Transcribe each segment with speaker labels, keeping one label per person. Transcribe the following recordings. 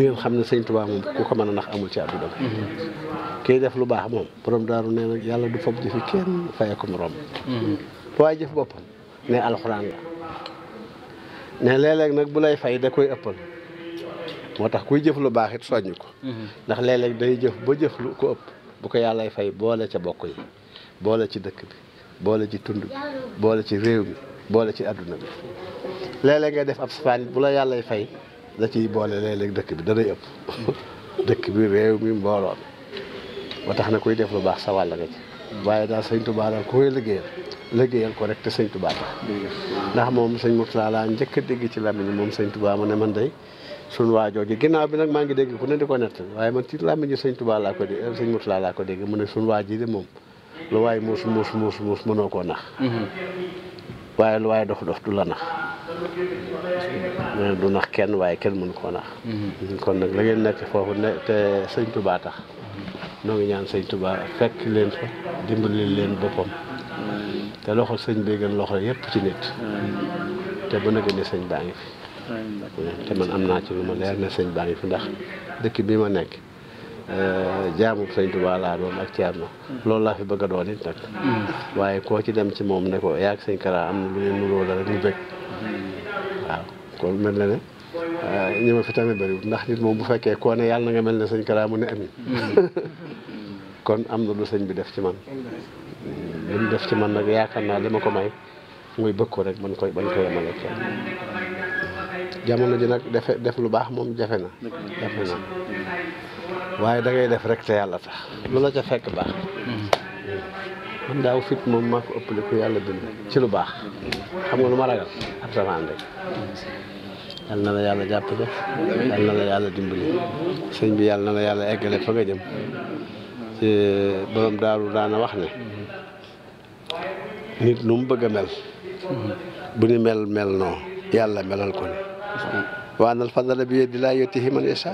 Speaker 1: ngeen xam na sëñ Tuubaa moom ku ko mën a nax amul ci àdduna bi kiy def lu baax moom borom daaru nee na yàlla du fob jëfi kenn faye ko morom waaye jëf boppam ne alxuraan la ne léeg nag bu lay fay da koy ëppal moo tax kuy jëf lu baax it soññ ko ndax léeg day jëf ba jëf lu ko ëpp bu ko yàllay fay boole ca bokk yi boole ci dëkk bi boole ci tund bi boole ci réew mi boole ci àdduna bi léeg-léeg def ab safaan bu yàllay fay da ciy boole léeg-léeg dëkk bi danay ëpp dëkk bi réew mi mbooloo mi ba tax na koy def lu baax sa wàll nga ci waaye daal sëñ Tuubaa daal ku koy liggéeyal liggéeyal ko rek te sëñ Tuubaa tax ndax moom sëñ Murtala laa njëkk dégg ci làmmiñ moom sëñ Tuubaa ma ne man day suñu waajoo ji ginnaaw bi nag maa ngi dégg ku ne di ko nett waaye man ci làmmiñ sëñ Tuubaa laa ko dégg sëñ Murtala laa ko dégg mu ne suñu waaj ji de moom lu waaye muus muus muus muus mënoo koo nax waaye lu waaye dox dof du la nax du nax kenn waaye kenn mënu koo nax mhm. kon nag la ngeen nekk foofu ne te sëñ Touba tax mhm. noo ngi ñaan sëñ tubaa fekk leen fa dimbali leen boppam mhm. te loxo sëñ bi gën loxo yépp ci nit te bu nekk ni sëñ baa ngi fi te man am naa ci lu ma leer ne sëñ baa ngi fi ndax dëkk bi ma nekk Euh, jaamu sëñ Tuubaa laa doon ak Ceerno loolu laa fi bëgg a doon it nag waaye koo ci dem ci moom ne ko yaa ak sëñ Kara am na lu ngeen nuroo la rek ñu bëgg waaw kon mel na ne euh, ñi ma fi tamit bëriwul ndax nit moom bu fekkee koo ne yàlla na nga mel ne sëñ Kara mu ne amin kon am na lu sëñ bi def ci man li mu def ci man nag yaakaar naa li ma ko may muy bëgg ko rek man koy bañ ko yemale kenn jamono ji nag defe def lu baax moom jafe na jafe na waaye da def rek te yàlla tax lu la ca fekk baax man daaw fit moom maa ko ëppale ku yàlla bind ci lu baax xam nga lu ma ragal asamaan rek yal na la yàlla jàppale ko na la yàlla dimbali bi yal na yàlla eggale fa nga jëm ci borom daaru daana wax ne nit nu mu bëgg a mel bu ni mel mel noo yàlla melal ko ni waanal fadala bi yadillahi yutihi man yasha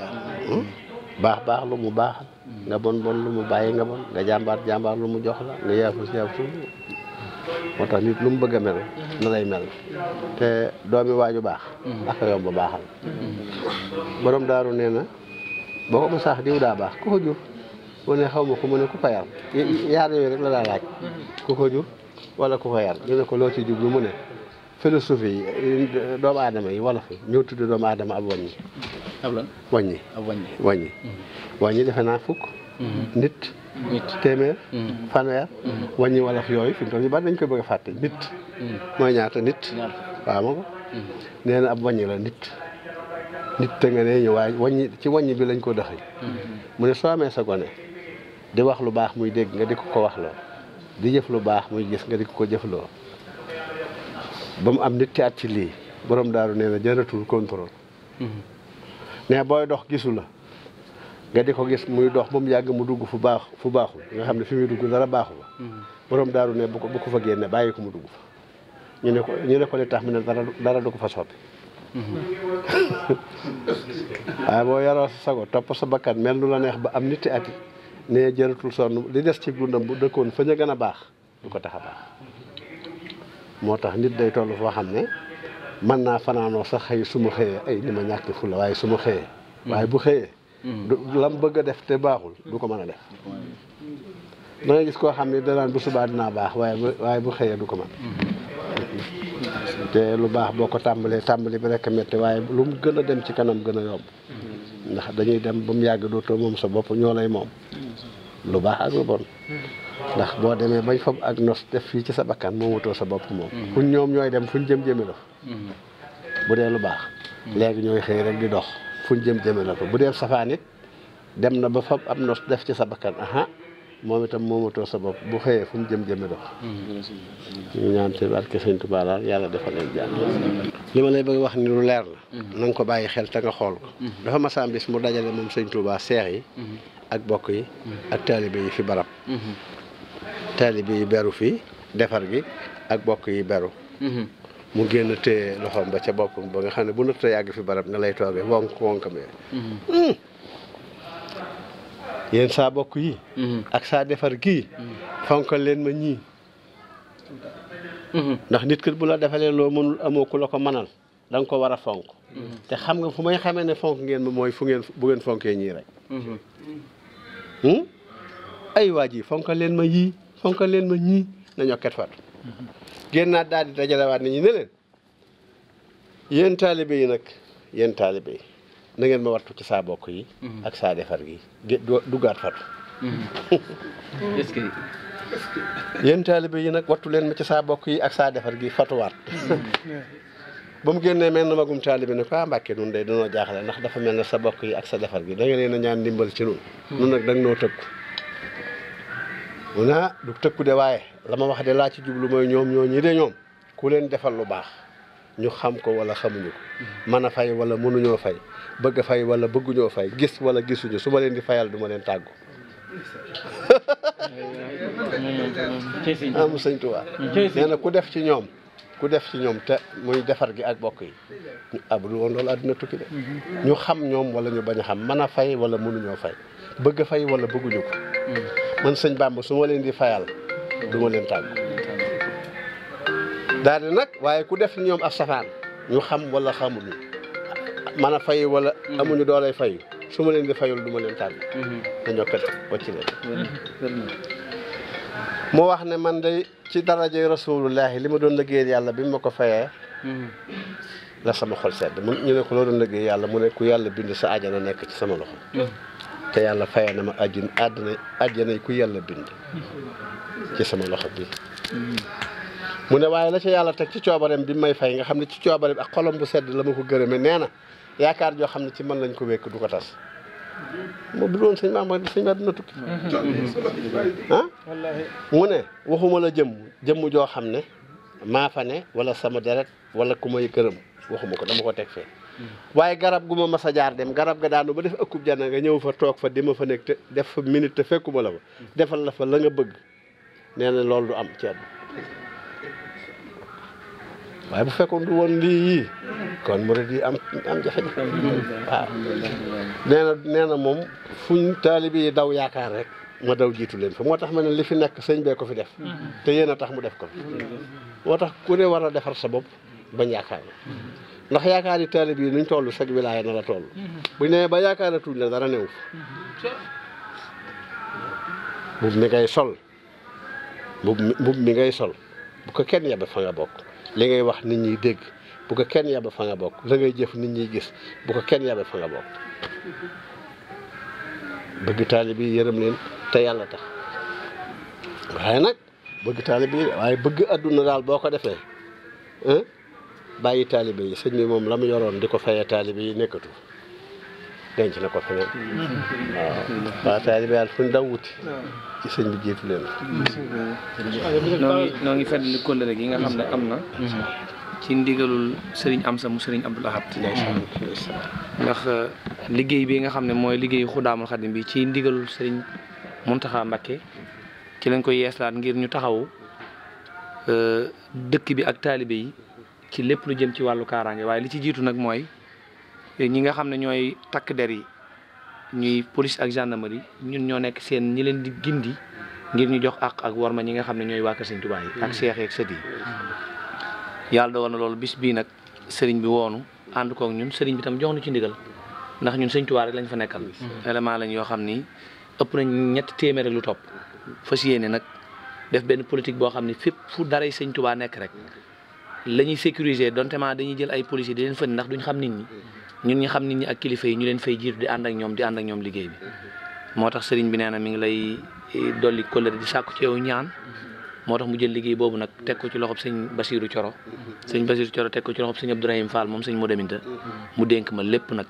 Speaker 1: baax baax lu mu baaxal nga bon bon lu mu bàyyi nga bon nga jàmbaar jàmbaar lu mu jox la nga yaafus yaafus moo tax nit lu mu bëgg a mel na lay mel te doomi waaju baax mm-hmm. ak a yomb baaxal borom daaru nee na boo mu masaax diw daa baax ku ko jur mu ne xaw ma ko mu ne ku ko yar yaar yooyu rek la daa laaj mm-hmm. ku ko ko yar ñu ne ko loo jub lu mu ne philosophe yi eh, eh, doomu aadama yi wolof yi ñoo tudd doomu aadama ab wàññi. ab lan wàññi. ab mhm. defe naa fukk. Mhm. nit. nit téeméer. Mhm. fanweer. yooyu fi mu toll nii ban dañ koy bëgg a fàtte nit. mooy ñaata nit. waaw ma ko. nee na ab wàññi la nit. nit te nga nee ñu waaye wàññi ci wàññi bi lañ koo doxee. mu ne soo amee sa gone di wax lu baax muy dégg nga di ko ko wax loo di jëf lu baax muy gis nga di ko ko jëf loo ba mu am ñetti at ci lii borom du nee na jëratul contrôle. ne booy dox gisu la nga di ko gis muy dox ba mu yàgg mu dugg fu baax fu baaxul nga xam ne fi muy dugg dara baaxul. borom daaru ne bu ko bu fa génne bàyyi ko mu dugg fa ñu ne ko ñu ne ko tax mu ne dara dara du ko fa soppi. waaye boo yaroo sa sago topp sa bakkan mel nu la neex ba am ñetti at yi ne jëratul sonn li des ci dundam bu dëkkoon fa ñu gën a baax du ko tax a baax. moo tax nit day toll foo xam ne mën naa fanaanoo sax xëy su ma xëyee ay ni ma ñàkk fu waaye su ma xëyee mm-hmm. waaye bu xëyee mm-hmm. du lam bëgg a def te baaxul du ko mën a def mm-hmm. da nga gis koo xam ne danaa bu subaa dinaa baax waaye bu waaye bu xëyee du ko mën te lu baax boo ko tàmbalee tàmbali bi rek metti waaye lu mu gën a dem ci kanam gën a yomb ndax dañuy dem bu mu yàgg dootoo moom sa bopp ñoo lay moom lu baax ak lu bon ndax boo demee bañ fob ak nos def fii ci sa bakkan moom wutoo sa bopp moom mhm. fuñ ñoom ñooy dem fuñ jëm jëme la mhm. bu dee lu baax mhm. léegi ñooy xëy rek di dox fu jëm jëme la fa bu dee safaan dem na ba fob am noos def ci sa bakkan aha moom itam moomatoo sa bopp bu xëyee fu mu jëm jëme dox ñu ñaan ci barke Sëñ Tuubaa daal yàlla dafa leen jàmm li ma lay bëgg wax ni lu leer na nga ko bàyyi xel te nga xool ko dafa masam bis mu dajale moom Sëñ Tuubaa seex yi ak bokk yi ak taalibe taalibe yi beru fii defar gi ak bokk yi beru mhm. mu génn te loxoom ba ca boppam ba nga xam ne bu nata yàgg fi barab na lay toogee wonk wonk me mhm. hmm. yéen saa bokk yi mhm. ak saa defar gii fonkal leen ma ñii ndax nit kat bu la defalee loo mënul amoo ku la ko mënal da nga ko war a fonk te xam nga fu may xamee ne fonk ngeen ma mooy fu ngeen bu ngeen fonkee ñii rek hmm? ay waa ji fonkal ma yii fonkal leen ma ñii na ñokket fatu génnaat daal di dajalewaat nit ñi ne leen yéen taalibe yi nag yéen taalibe yi na ngeen ma wattu ci saa bokk yi saa defar gi duggaat fatu est-ce que yéen taalibe nag wattu leen ma ci saa bokk yi ak saa defar gi fatuwaat ba mu génnee mel na magum taalibe ne ko ah, Mbàkke nun day danoo jaaxle ndax dafa mel na sa bokk yi ak sa defar gi da nga leen a ñaan ndimbal ci nun hmm. nun nag danga noo tëkku mu ne du tëkku de waaye la wax de laa ci jublu mooy ñoom ñoo ñi de ñoom ku leen defal lu baax ñu xam ko wala xamuñu ko mën a fay wala mënuñoo fay bëgg fay wala bëgguñoo fay gis wala gisuñu su leen di fayal du ma leen tàggu am sëñ Tuubaa nee na ku def ci ñoom ku def ci ñoom te muy defar gi ak bokk yi ñu abdul woon loolu tukki de mhm. ñu xam ñoom wala ñu bañ a xam mën a fay wala mënuñoo fay bëgg fay wala bëgguñu man sëñ Bàmba suma ma leen di fayal du ma leen tàggu daal nag waaye ku def ñoom ab safaan ñu xam wala xamuñu man a fay wala amuñu doolay fayu su ma leen di fayul du ma leen tàggu mm-hmm. dañoo kat wacc leen moo mm-hmm. wax ne man day ci darajay rasulullahi li ma doon liggéeyal yàlla bi ma ko fayee mm-hmm. la sama xol sedd mu ñu ne ko loo doon yàlla mu ne ku yàlla bind sa ajana nekk ci sama loxo te yàlla fayee na ma àjjana àddina àjjanay ku yàlla bind ci sama loxo bi mm. mu ne waaye la ca yàlla teg ci coobareem bi may fay nga xam ne ci coobareem ak xolom bu sedd la ma ko gërëme nee na yaakaar joo xam ne ci man lañ ko wékk du ko tas moom bu doon sëñ maam ma mm-hmm. ah? mu ne waxuma la jëmm jëmm joo xam ne maa ne wala sama deret wala ku may gërëm waxuma ko dama ko teg fee waaye garab gu ma mas a jaar dem garab ga daanu ba def ëkkub jana nga ñëw fa toog fa di ma fa nekk te def fa minit te fekkuma la fa defal la fa la nga bëgg nee na loolu du am ceeb waaye bu fekkoon du woon lii yii kon murid yi am am jafe na nee na moom fuñ taalibi yi daw yaakaar rek ma daw jiitu leen fa moo tax ma ne li fi nekk sëñ bee ko fi def te yéen a tax mu def ko fi moo tax ku ne war a defar sa bopp bañ yaakaar ndax yaakaar yi taalib yi nuñ toll sag wilaaya na la toll mm-hmm. buñ nee ba yaakaaratuñ la dara new mbubb mm-hmm. mi ngay sol mbubb mi ngay sol bu ko kenn yabe fa bokk li ngay wax nit ñi dégg bu ko kenn yabe fa bokk la ngay jëf nit ñi gis bu ko kenn yabe fa nga bokk bëgg taalib yi yërëm leen te yàlla tax waaye nag bëgg taalib yi waaye bëgg adduna daal boo ko defee bàyyi taalibe yi sëñ bi moom la mu yoroon di ko fayee taalibe yi nekkatu denc na ko feneen waaw waa taalibe yàlla fu ñu wuti sëñ bi jiitu leen
Speaker 2: noo ngi noo ngi fedd kóllëre gi nga xam ne am na ci ndigalul sëriñ Amsa mu sëriñ Abdou Lahad ndax uh, liggéey bi nga xam ne mooy liggéey Xudaamul Xadim bi ci ndigalul sëriñ Muntaxa Mbakke ci lañ ko yees yeeslaat ngir ñu taxawu uh, dëkk bi ak taalibe yi ci lépp lu jëm ci wàllu kaaraange waaye li ci jiitu nag mooy ñi nga xam ne ñooy takk der yi ñuy police ak gendarmerie ñun ñoo nekk seen ñi leen di gindi ngir ñu jox àq ak warma ñi nga xam ne ñooy waa Kër Sëñ Tuubaa yi ak seex yeeg sët yàlla dogal na loolu bis bii nag sëriñ bi woonu ànd kook ñun sëriñ bi tam jox nu ci ndigal ndax ñun Sëñ Tuubaa rek lañ fa nekkal élément lañ yoo xam ni ëpp nañ ñett téeméer ak lu topp fas yéene nag def benn politique boo xam ne fépp fu daray Sëñ Tuubaa nekk rek la ñuy sécuriser donte maa dañuy jël ay policiers di leen fën ndax duñ xam nit ñi ñun ñi xam nit ñi ak kilifa yi ñu leen fay jiitu di ànd ak ñoom di ànd ak ñoom liggéey bi. moo tax sëriñ bi nee na mi ngi lay eh, dolli kóllëre di sàkku ci yow ñaan moo tax mu jël liggéey boobu nag teg ko ci loxo sëñ Basirou Coro sëñ Basirou Coro teg ko ci loxob sëñ Abdourahim Fall moom sëñ Modaminta mu dénk ma lépp nag.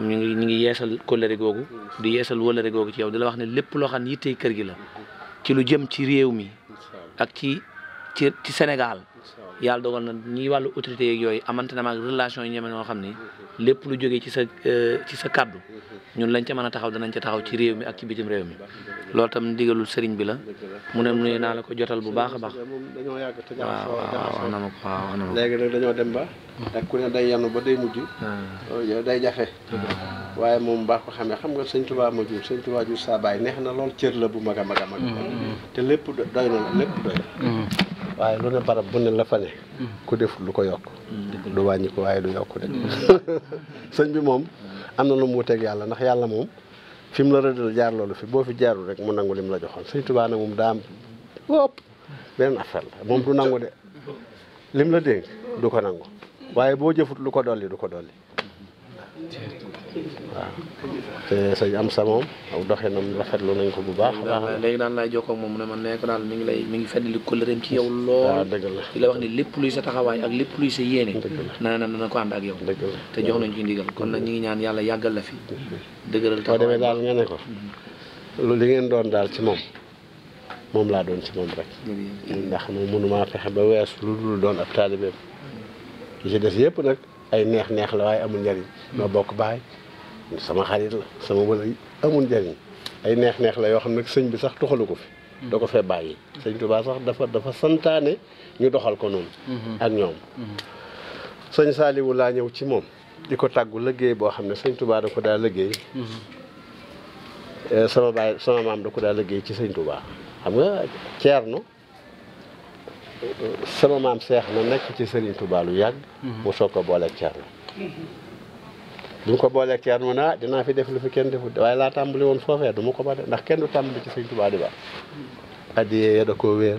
Speaker 2: ñu ngi ñu ngi yeesal kóllëre googu di yeesal wóllëre googu ci yow di la wax ne lépp loo xam ne yittey kër gi la ci lu jëm ci réew mi ak ci ci Sénégal yàlla dogal na ñi wàllu autorité yeeg yooyu amante na maag relation yi ñeme noo xam ni lépp lu jóge ci sa euh, ci sa kàddu ñun lañ ca mën a taxaw danañ ca taxaw ci réew mi ak ci bitim réew mi loolu tam digalul sëriñ bi la mu ne nuyu naa la ko jotal bu baax a baax
Speaker 1: waaw waaw na ma
Speaker 2: ko waaw na ma ko léegi nag
Speaker 1: dañoo dem ba ak ku ne day yanu ba day mujj ah. yow day jafe ah. waaye moom baax ko xamee xam nga sëñ Tuubaa ma jur sëñ Tuubaa jur saa baay neex na lool la bu mag a mag a mag mm-hmm. te lépp waaye lu ne barab bu ne la fa ne mm. ku def lu ko yokk mm. du wàññi ko waaye du yokk de mm. sëñ bi moom am na lu mu wuteeg yàlla ndax yàlla moom fi mu la rëddal jaar loolu fi boo fi jaarul rek mu nangu lim la joxoon sëñ Tuubaa nag moom daa am wópp beneen la moom du nangu de lim la dénk du ko nangu waaye boo jëfut lu ko dolli du ko dolli
Speaker 2: mm-hmm. waaw
Speaker 1: te sëñ am sa moom aw doxinam rafetlu nañ ko bu baax.
Speaker 2: léegi daan laay jokkoo moom mu ne man nee ko daal ngi lay mi ngi feddali kóllëreem ci yow. lool dëgg la wax ni lépp luy sa taxawaay ak lépp luy sa yéene. na na na ko ànd ak yow. te jox nañ ci ndigal kon nag ñu ngi ñaan yàlla yàggal la fi. dëgëral taxawaay boo demee daal nga ne ko. lu li ngeen doon daal ci moom
Speaker 1: moom laa doon ci moom rek. ndax moom mënumaa fexe ba weesu lu dul doon ab taalibeem. ci des yëpp nag. ay neex-neex la waaye amul njariñ ma bokk baay sama xarit la sama wala amul njariñ ay neex-neex la yoo xam ne sëñ bi sax toxalu ko fi da ko fee bàyyi sëñ Tuubaa sax dafa dafa santaane ñu doxal ko noonu
Speaker 3: mhm. ak ñoom mhm.
Speaker 1: sëñ Saaliwu laa ñëw ci moom di ko tàggu liggéey boo xam ne sëñ tubaa da ko daa liggéey mhm. eh, sama baay sama maam da ko daa liggéey ci sëñ Tuubaa xam nga ceerno sama maam seex na nekk ci Serigne Touba lu yàgg. Mhm. mu soog ko booleeg Thierno. bi mu ko booleeg Thierno naa dinaa fi def lu fi kenn defut waaye laa tàmbali woon foofee du ma ko ba def ndax kenn du tàmbali ci Serigne Touba di ba. addiyee ya da ko wéer.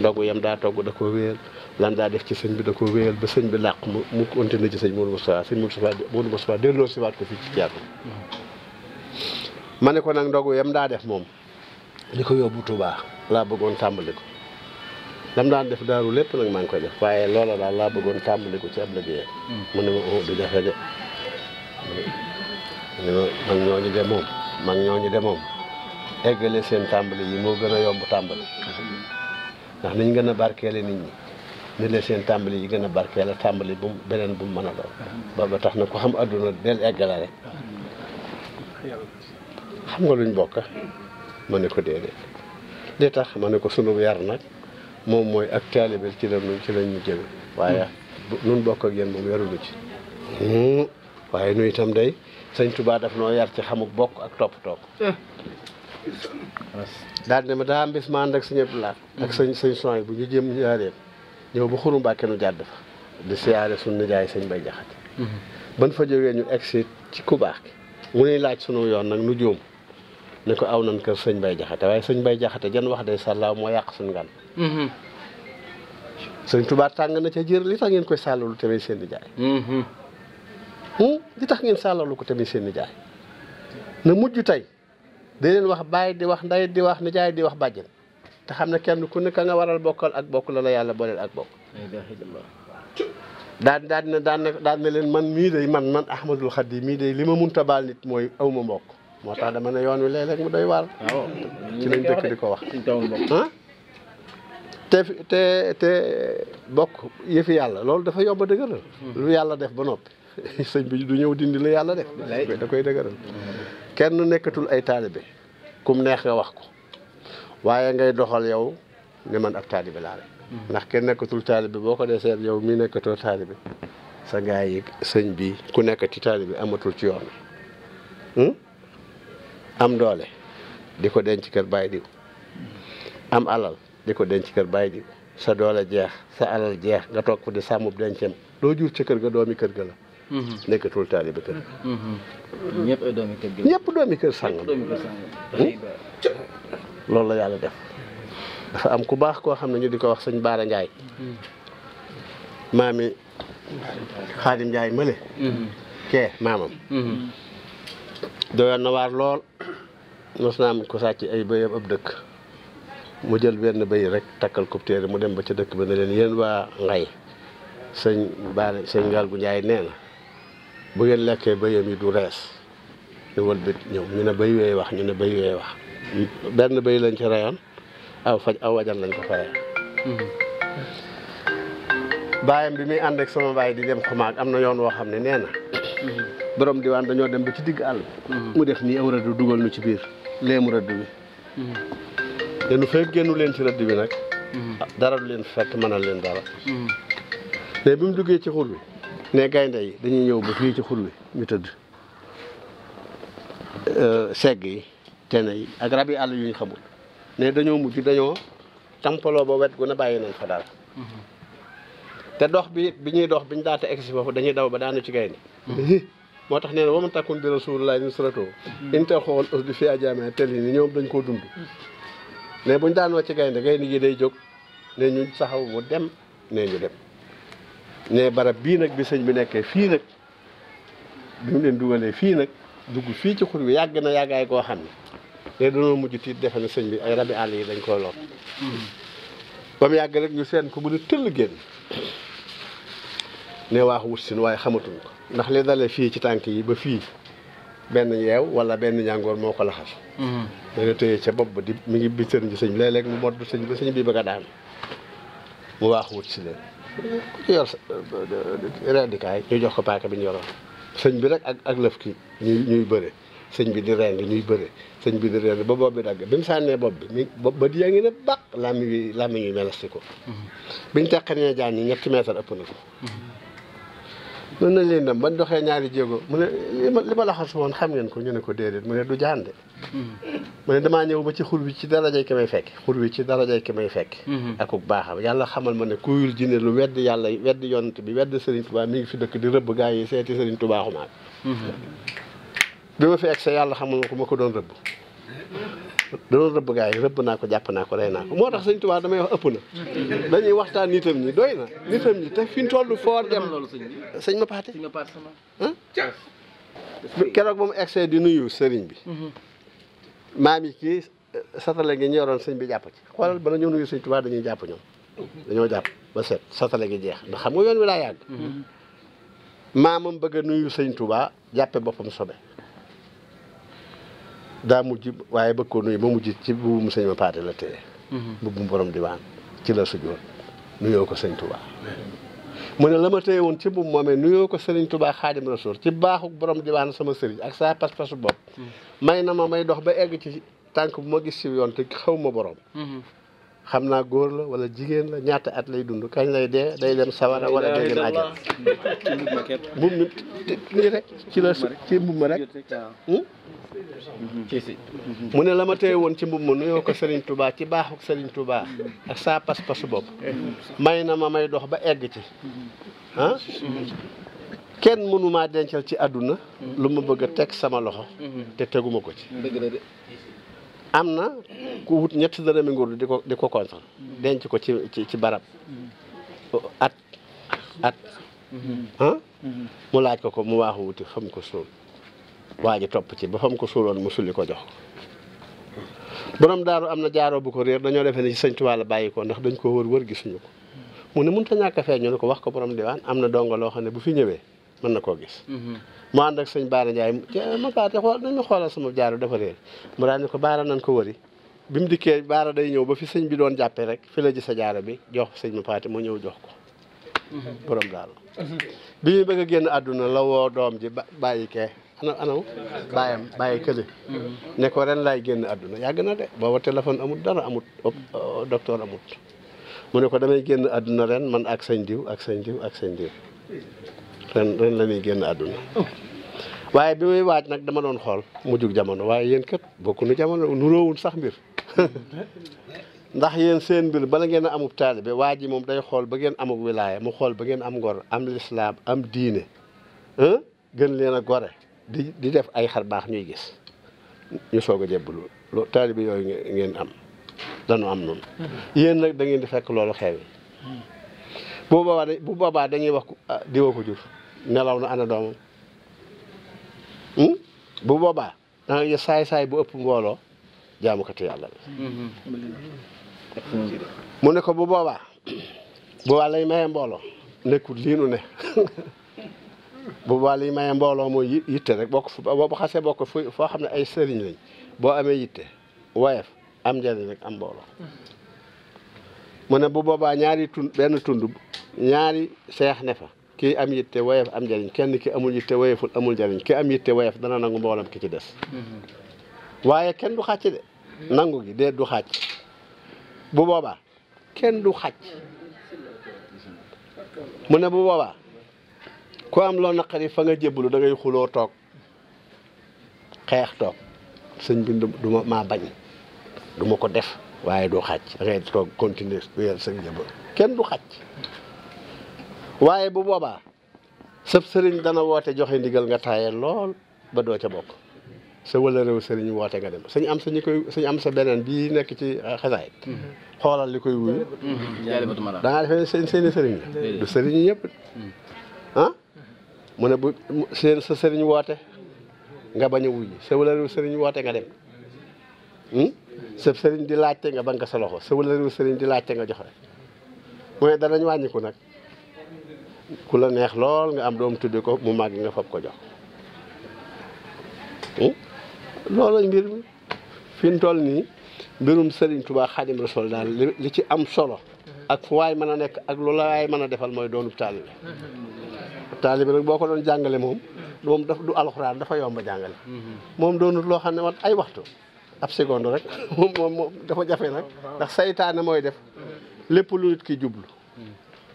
Speaker 1: ndogu yam daa togg da koo wéer. lan daa def ci sëñ bi da ko wéyal ba sëñ bi làq mu mu continué ci sëñ Mourou Moustapha sëñ Mourou Moustapha delloo siwaat ko fii ci Thierno. ma ne ko nag ndogu yam daa def moom. li ko yóbbu tubaa laa bëggoon tàmbali ko. lam daan def daaru lépp nag maa koy def waaye loola daal laa bëggoon tàmbali ko ci ab liggéey mu ne ma o oh, du jafe de mag ñooñu de moom mag seen tàmbali yi moo gën a yomb tàmbali ndax niñ gën a barkeele nit ñi ni la seen tàmbali yi gën a barkeele tàmbali bu beneen bu mu a doon ba ba tax na ko xam adduna del eggale rek xam nga luñ bokk ma ne ko déedéet li tax ma ne ko sunu yar nag moom mooy ak taalibel ci la ci lañ ñu jëme waaye hmm. nun bokk ak yéen moom yarulu ci hmm. waaye nu itam day sëñ Tuubaa def noo yar ci xamuk bokk ak topp toog eh. daal ne ma daa am bis ma ànd ak sëñ Abdu ak sëñ son yi bu ñu jëm ñaareel ñëw ba xuru Mbàkke nu jàdd fa di siyaare suñ nijaay sëñ Bay Jaxate hmm. ban fa jógee ñu egsi ci ku baax mu nuy laaj sunu yoon nag nu jóom ne ko aw nan kër sëñ Bay Jaxate waaye sëñ Bay Jaxate jan wax day sàllaaw moo yàq suñ ngan mm-hmm. sëñ Tuubaa tàng na ca jër li tax ngeen koy sàllalu tamit seen di mm-hmm. hmm? ngeen sàllalu ko tamit seen di jaay na mujj tey di leen wax bàyyi di wax nday di wax nijaay di wax bàjjen te xam ne kenn ku nekk ka nga waral bokkal ak bokk la yàlla booleel ak bokk daan daan na daan na daan leen man mii day man man Ahmadul Xaadim mii day li ma munta baal nit mooy aw ma mbokk moo tax dama ne yoon wi léeg-léeg mu doy waar. waaw ah ci lañ dëkk di ko wax. ah te te te bokk yëfi yàlla loolu dafa yomb a hmm. lu yàlla def ba noppi sëñ bi du ñëw dindi la yàlla def. da koy dëgëral. Hmm. kenn nekkatul ay taalibe kum neex nga wax ko waaye ngay doxal yow ne man ab taalibe laa rek hmm. ndax kenn nekkatul taalibe boo ko dee seet yow mi nekkatoo taalibe sa gaay yi sëñ bi ku nekkati taalibe amatul ci yoon wi am doole di ko denc kër baay diw am alal di ko denc kër baay diw sa doole jeex sa alal jeex nga toog fa di sàmmub dencem loo jur ca kër ga doomi kër ga la mhm. nekkatul taalibe kër ga mhm. ñëpp doomi kër ga ñëpp kër sàngam
Speaker 3: hmm?
Speaker 1: loolu la yàlla def dafa am ku baax koo xam ne ñu di ko wax sañ Baara Njaay mhm. maami Xaadim Njaay mële kee maamam doyoon na waar lool mos naa am ku sàcc ay bëyam ab dëkk mu jël benn bëy rek takkal ko téere mu dem ba ca dëkk ba ne leen yéen waa Ngay sëñ Baale sëñ Ngal gu Njaay nee bu ngeen lekkee bëyam yi du rees ñu wëlbit ñëw ñu ne bëy weey wax ñu ne bëy weey wax benn bëy lañ ci reyoon aw faj aw wajan lañ ko fayee. baayam bi muy ànd ak sama baay di dem xumaag am na yoon woo xam ne nee na. borom diwaan dañoo dem ba ci digg àll. Mm-hmm. mu def nii awra du dugal nu ci biir. léemu rëdd bi lenu fekk génnu leen ci rëdd bi nag mhm. ah, dara du leen fekk mënal leen dara mhm. mais bi mu duggee ci xul wi ne gaynde yi dañuy ñëw ba fii ci xul wi ñu tëdd euh, segg yi tene yi ak rab yi àll yu ñu xamul ne dañoo mujj dañoo tampaloo ba wet gu ne bàyyi nañ fa dara mhm. te dox bi bi ñuy dox bi ñu daata egsi foofu dañuy daw ba daanu ci gaynde moo tax nee na waman takkoon bi rasulullah nusrato inta xool us bi fi ajaame tel yi ni ñoom dañ koo dund mais buñ daanoo ci gaynde gaynde gi day jóg ne ñu saxaw mu dem ne ñu dem ne barab bii nag bi sëñ bi nekkee fii nag bi mu leen dugalee fii nag dugg fii ci xur bi yàgg na yàggaay koo xam ne léegi dañoo mujj tiit defe na sëñ bi ay rabi àll yi dañ koo lool mm-hmm. ba mu yàgg rek ñu seen ko bu ne tëll génn ne waax wut sin waaye xamatuñ ko ndax li dalee fii ci tànk yi ba fii benn yeew wala benn ñàngoor moo ko laxas mm-hmm. da nga téye ca bopp ba di mi ngi bitër bi sëñ léeg-léeg mu modd sëñ ba sëñ bi bëgg a daan mu waax wut si ñu jox ko paaka bi ñu yoroon sëñ bi rek ak ak lëf ki ñuy ñuy sëñ bi di reng ñuy bëre sëñ bi di reng ba bopp bi dagg bi mu sànnee bopp bi mi bopp ba di ngi ne baq làmmiñ wi làmmiñ wi melastiko mm-hmm. biñ teqanee jaan ñi ñetti mètre ëpp na ko mm-hmm. noonu nañ leen dem bañ doxee ñaari jéego mu ne li ma laxas ma woon xam ngeen ko ñu ne ko déedéet mu ne du jaan mu ne damaa ñëw ba ci xur bi ci darajay ki may fekk xur wi ci darajay ki may fekk mm-hmm. akuk baaxam yàlla xamal ma ne kuyul jinne lu wedd yàlla wedd yonent bi wedd Serigne Touba mi ngi fi dëkk di rëbb gaa yi seeti Serigne Touba xumaat mm-hmm. bi ma fi egg sa yàlla xamal ma ko ma ko doon rëbb danoon rëbb gaa yi rëbb naa ko jàpp naa ko rey naa ko moo tax sëñ Tuubaa damay wax ëpp na dañuy waxtaan nitam ñi doy na nitam ñi te fi ñu toll foo dem sëñ ma paate keroog ba mu egsee di nuyu sëriñ bi mhm. maam yi kii eh, satale gi ñu yoroon bi jàpp ci xoolal ba ñu nuyu sëñ Tuubaa dañuy jàpp ñoom dañoo jàpp ba set satale gi jeex ndax xam nga yoon wi laa yàgg mhm. maamam bëgg a nuyu sëñ Tuubaa jàppe boppam sobe daa mujj waaye ba ko nuyu ba mujj ci buubu sëñ ma paate la téye. Mhm. buubu borom diwaan ci la sujjoon nuyoo ko sëñ Touba. mu ne la ma téye woon ci buubu moomee nuyoo ko tubaa Touba xaadim rasul ci baaxu borom diwaan sama sëriñ ak saa pas-pasu bopp. Mhm. may na ma may dox ba egg ci tànk bu ma gis si yoon te xaw ma borom. Mhm. xam naa góor la wala jigéen la ñaata at lay dund kañ lay dee day dem sawara wala day dem àjjana mbubb ci la ci ma rek hmm? ci mu ne la ma téye woon ci mbubb ma nuyoo ko Serigne Touba ci baaxuk Serigne Touba ak saa pas-pasu bopp may na ma may dox ba egg ci ah? kenn mënumaa dencal ci àdduna lu ma bëgg a teg sama loxo te teguma ko ci am na ku wut ñetti dërëmi nguur di ko di ko contre denc ko ci ci barab at at ah mu laaj ko ko mu waaxu wuti fa ko suul waa ji topp ci ba fa ko suuloon mu sulli ko jox borom daaru am na jaaroo bu ko réer dañoo defee ne ci sëñ Tuubaa la bàyyi ko ndax dañ ko wër wër gisuñu ko mu ne mun a ñàkk a feeñ ñu ne ko wax ko borom diwaan am na dongo loo xam ne bu fi ñëwee mën na koo gis mu mhm. ànd ak sëñ Baara Ndiaye ma kaate xool nañu xoolal sama jaaru dafa réer mu daal ko baara nañ ko wëri bi mu dikkee baara day ñëw ba fi sëñ bi doon jàppe rek fi la ji sa jaaro bi jox sëñ ma paate mu ñëw jox ko mhm. borom daal bi muy bëgg a génn àdduna la woo doom ji bàyyi kee ana anaw bàyyam bàyyi kële mhm. ne ren lay génn àdduna yàgg na de booba téléphone amut dara amut euh, docteur amut mu ne ko damay génn àdduna ren man ak sëñ diw ak sëñ diw ak sëñ diw ren ren la génn àdduna waaye bi muy waaj nag dama doon xool mu jug jamono waaye yéen kat bokkuñu jamono nuroowul sax mbir ndax yéen seen mbir bala ngeen a amub taalibe waaj moom day xool ba ngeen amug mu xool ba ngeen am ngor am lislaam am diine gën leen a gore di di def ay xar ñuy gis ñu soog a jébbalu loolu yooyu ngeen am dañu am noonu nag da di fekk loolu xew yi bu boobaa bu boobaa dañuy wax ah, di woo jur nelaw na ana doomam hmm? bu boobaa da nga gis saay-saay bu ëpp mbooloo jaamukatu yàlla la mu ne ko bu boobaa boobaa lay maye mbooloo nekkul lii ne bu boobaa lay maye mbooloo mooy yitte rek bokk fu boo xasee bokk fu foo xam ne ay sëriñ lañ boo amee yitte woyef am njëriñ rek am mbooloo mu ne bu boobaa ñaari tund benn tund ñaari seex ne fa kii am yitte woyof am jariñ kenn ki amul yitte woyoful amul jariñ ki am yitte woyof dana nangu mboolam ki ci des mm-hmm. waaye kenn du xàcc de nangu gi dee du xàcc bu booba kenn du xàcc mu ne bu boobaa ku am loo naqari fa nga jébbalu da xuloo toog xeex toog sëñ bi du ma maa bañ du ma ko def waaye du xàcc da ngay toog continuer sa njëbbal kenn du xàcc waaye bu boobaa sëb sëriñ dana woote joxe ndigal nga taaye lool ba doo ca bokk sa sëriñ woote nga am sa ñi koy am sa beneen bii nekk ci uh, xasaayit mm-hmm. xoolal li koy wuyu
Speaker 2: mm-hmm. da
Speaker 1: ngaa seeni sëriñ la du sëriñ ñëpp mm-hmm. ah? ne bu seen sa sëriñ woote nga bañ a sëriñ woote nga dem hmm? sa sëriñ di laajte nga bank sa loxo sa wala sëriñ di laajte nga joxe mu ne danañ wàññiku nag ku la neex lool nga am doom tudde ko mu màgg nga fab ko jox hmm? loolu mbir mi fi mu toll nii mbirum Serigne Touba Xaadimu Rasuul daal li ci am solo ak fu waay mën a nekk ak lu waay mën a defal mooy doonub taalibe taalibe nag boo ko doon jàngale moom moom daf alxuraan dafa yomb a jàngale doonut loo xam ne wat ay waxtu ab seconde rek moom moom dafa jafe nag ndax saytaane mooy def lépp lu ki jublu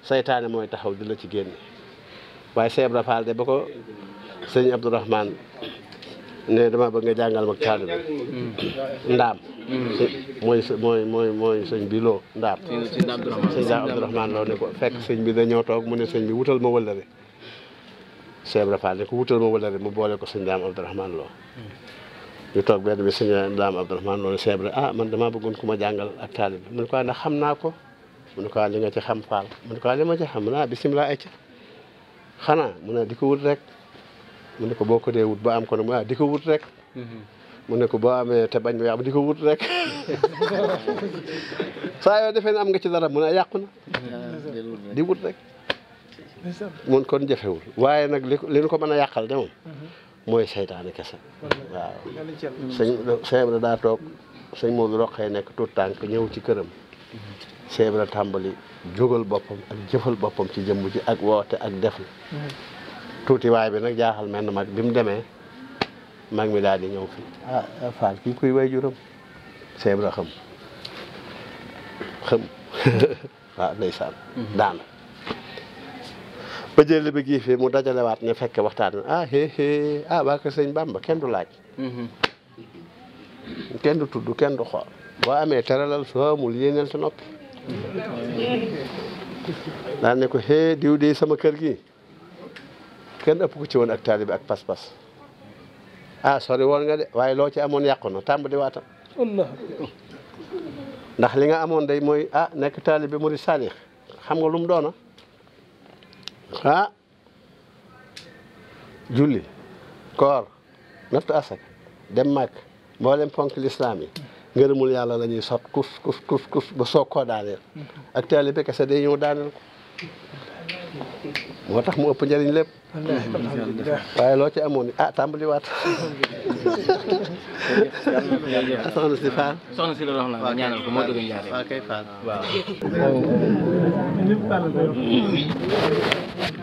Speaker 1: seytaane mooy taxaw di la ci génne waaye Seex Ibra de ba ko sëñ Abdourahman ne dama bëgg nga jàngal mag caali bi
Speaker 3: mm. ndaam
Speaker 1: mm. mooy mooy mooy mooy sëñ bi loo ndaam sëñ daa Abdourahman loo ne ko fekk sëñ bi dañoo toog mu ne sëñ bi wutal ma wëllare Seex Ibra Faal ne ko wutal ma wëllare mu boole ko sëñ daam Abdourahman loo mm. ñu toog benn bi sëñ daam Abdourahman loo ne Seex ah man damaa bëggoon ku ma jàngal ak taali bi mun ko ah, ndax xam naa ko mun ne ko li nga ci xam faal mu ne ko li ma naa bisimilah ay xanaa mu ne di ko wut rek mu ne ko boo ko dee wut ba am ko ne mu di ko wut rek. Mm-hmm. mu ne ko boo amee te bañ di ko wut rek saa yoo defee ne am nga ci dara mu ne yàqu na. Mm-hmm. di wut rek. mun kon jafewul waaye nag li li ko mën a yàqal de moom. Mm-hmm. mooy seytaane kese. waaw sëñ sëñ daa toog sëñ Maodo Roqe nekk tout tànk ñëw ci këram. Cheikh Ibra tàmbali jógal boppam ak jëfal boppam ci jëmm ji ak woote ak def tuuti waay bi nag jaaxal mel na mag bi mu demee mag mi daal di ñëw fi ah Fall kii kuy way juram Cheikh xam xam waaw ndeysaan mhm. daana ba jël bi gii fi mu dajalewaat ñu fekk waxtaan ah hee ah waa kër Bamba kenn du laaj mhm. kenn du tudd kenn du xool boo amee teralal soo amul yéeneel sa noppi daal ne ko xee diw de sama kër gi kenn ëpp ci woon ak taalibe ak pas-pas ah sori woon nga de waaye loo ci amoon yàqu na tàmbali ndax li nga amoon day mooy ah nekk taalibe murid saadix xam nga lu mu doona ah? ah julli koor naftu asak dem màkk mboolem ponk lislaam ngërëmul yàlla la ñuy sot kus kus kus ba soog koo daaneel te mm-hmm. taalibe bi kese day ñëw daaneel ko moo tax mu ëpp njëriñ lépp waaye loo ci amoon ni ah tàmbaliwaat
Speaker 3: soxna